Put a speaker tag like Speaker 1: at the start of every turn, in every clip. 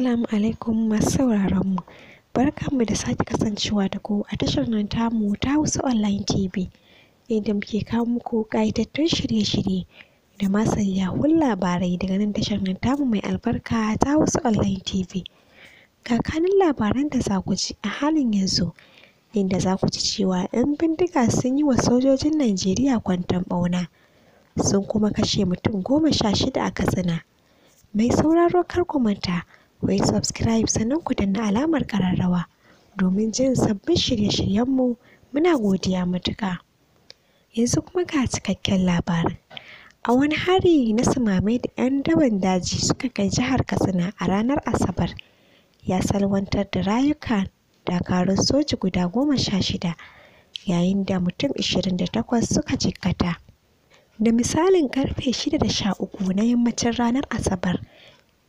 Speaker 1: Assalamu alaikum masu sauraron mu. Barkanmu da sake kasancewa da ku a tashar nan tamu ta wasu Online TV. Inda muke kawo muku ƙayatattun shirye-shirye da masayyahun labarai daga nan tashar nan tamu mai albarka ta wasu Online TV. Kakanin labaran da za ku ji a halin yanzu inda za ku ji cewa 'yan bindiga sun yi wa sojojin Najeriya kwanton ɓauna sun kuma kashe mutum goma sha shida a Katsina. Mai sauraro kar ku manta. ku yi subscribe sannan ku danna alamar ƙararrawa domin jin sabbin shirye-shiryenmu muna godiya matuƙa. Yanzu kuma ga cikakken labarin. A wani hari na sumame da 'yan daban daji suka kai jihar Katsina a ranar Asabar ya salwantar da rayuka dakarun soji guda goma sha shida yayin da mutum 28 suka jikkata. Da misalin karfe 6 da 13 na yammacin ranar Asabar.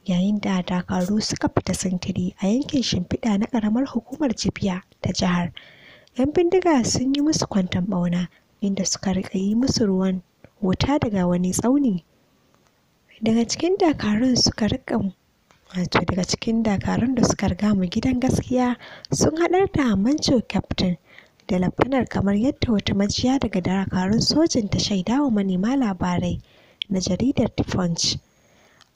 Speaker 1: yayin da dakaru suka fita sintiri a yankin shimfiɗa na ƙaramar hukumar jibiya ta jihar 'yan bindiga sun yi musu kwanton ɓauna inda suka riƙa yi musu ruwan wuta daga wani tsauni daga cikin dakarun suka riƙa wato daga cikin dakarun da suka riga mu gidan gaskiya sun haɗar da manco captain da lafanar kamar yadda wata majiya daga dakarun sojin ta shaidawa manema labarai na jaridar punch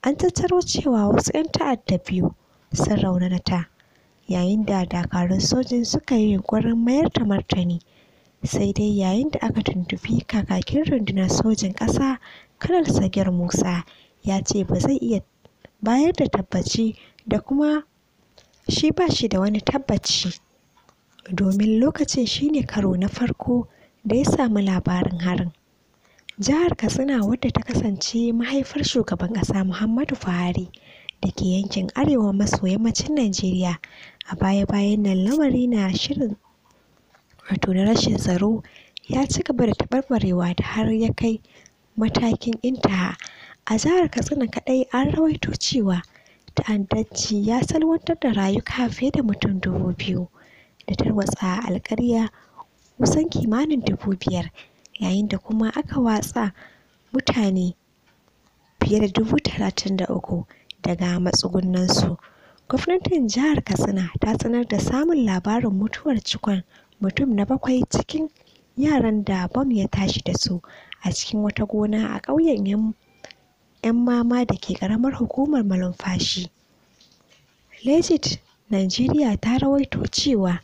Speaker 1: an tattaro cewa wasu 'yan ta'adda biyu sun raunata yayin da dakarun sojin suka yi yunƙurin mayar ta martani sai dai yayin da aka tuntuɓi, kakakin rundunar sojin ƙasa kanar sagir musa ya ce ba zai iya bayar da tabbaci da kuma shi ba shi da wani tabbaci domin lokacin shi ne karo na farko da ya samu labarin harin Jihar Katsina wadda ta kasance mahaifar Shugaban ƙasa Muhammadu Buhari da ke yankin arewa maso yammacin Najeriya, a baya-bayan nan lamari na shirin na wato rashin tsaro ya ci gaba da taɓarɓarewa da har ya kai matakin intaha. A jihar Katsina kaɗai an rawaito cewa ta'addanci ya salwantar da rayuka fiye da mutum dubu biyu da tarwatsa alkarya kusan kimanin dubu biyar. yayin da kuma aka watsa mutane fiye da dubu talatin da uku daga matsugunansu. Gwamnatin Jihar Katsina ta sanar da samun labarin mutuwar cikon mutum na bakwai cikin yaran da bom ya tashi da su a cikin wata gona a ƙauyen 'yan mama da ke ƙaramar hukumar Malumfashi. Legit Nigeria ta rawaito cewa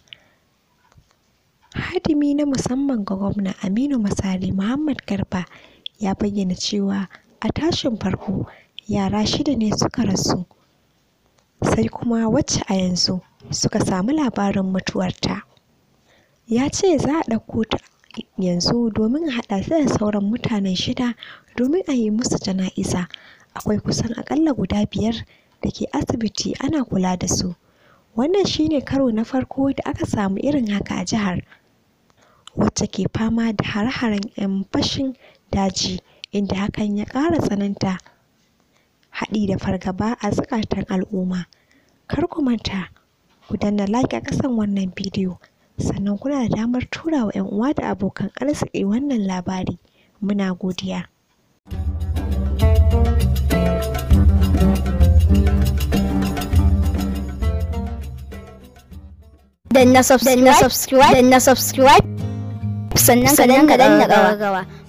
Speaker 1: Hadimi na musamman ga Gwamna Aminu Masari Muhammad Garba ya bayyana cewa a tashin farko yara shida ne suka rasu, sai kuma wacce a yanzu suka samu labarin mutuwarta. Ya ce za a ɗauko ta yanzu domin a haɗa ta da sauran mutanen shida domin a yi musu jana'iza. Akwai kusan aƙalla guda biyar da ke asibiti ana kula da su. Wannan shi ne karo na farko da aka samu irin haka a jihar. wacce ke fama da hare-haren 'yan fashin daji inda hakan ya ƙara tsananta haɗi da fargaba a zukatan al'umma. Kar ku manta ku danna like a ƙasan wannan bidiyo sannan kuna da damar tura wa 'yan uwa da abokan arziki wannan labari. Muna godiya. subscribe, danna subscribe, danna subscribe. sannan ka danna gawa gawa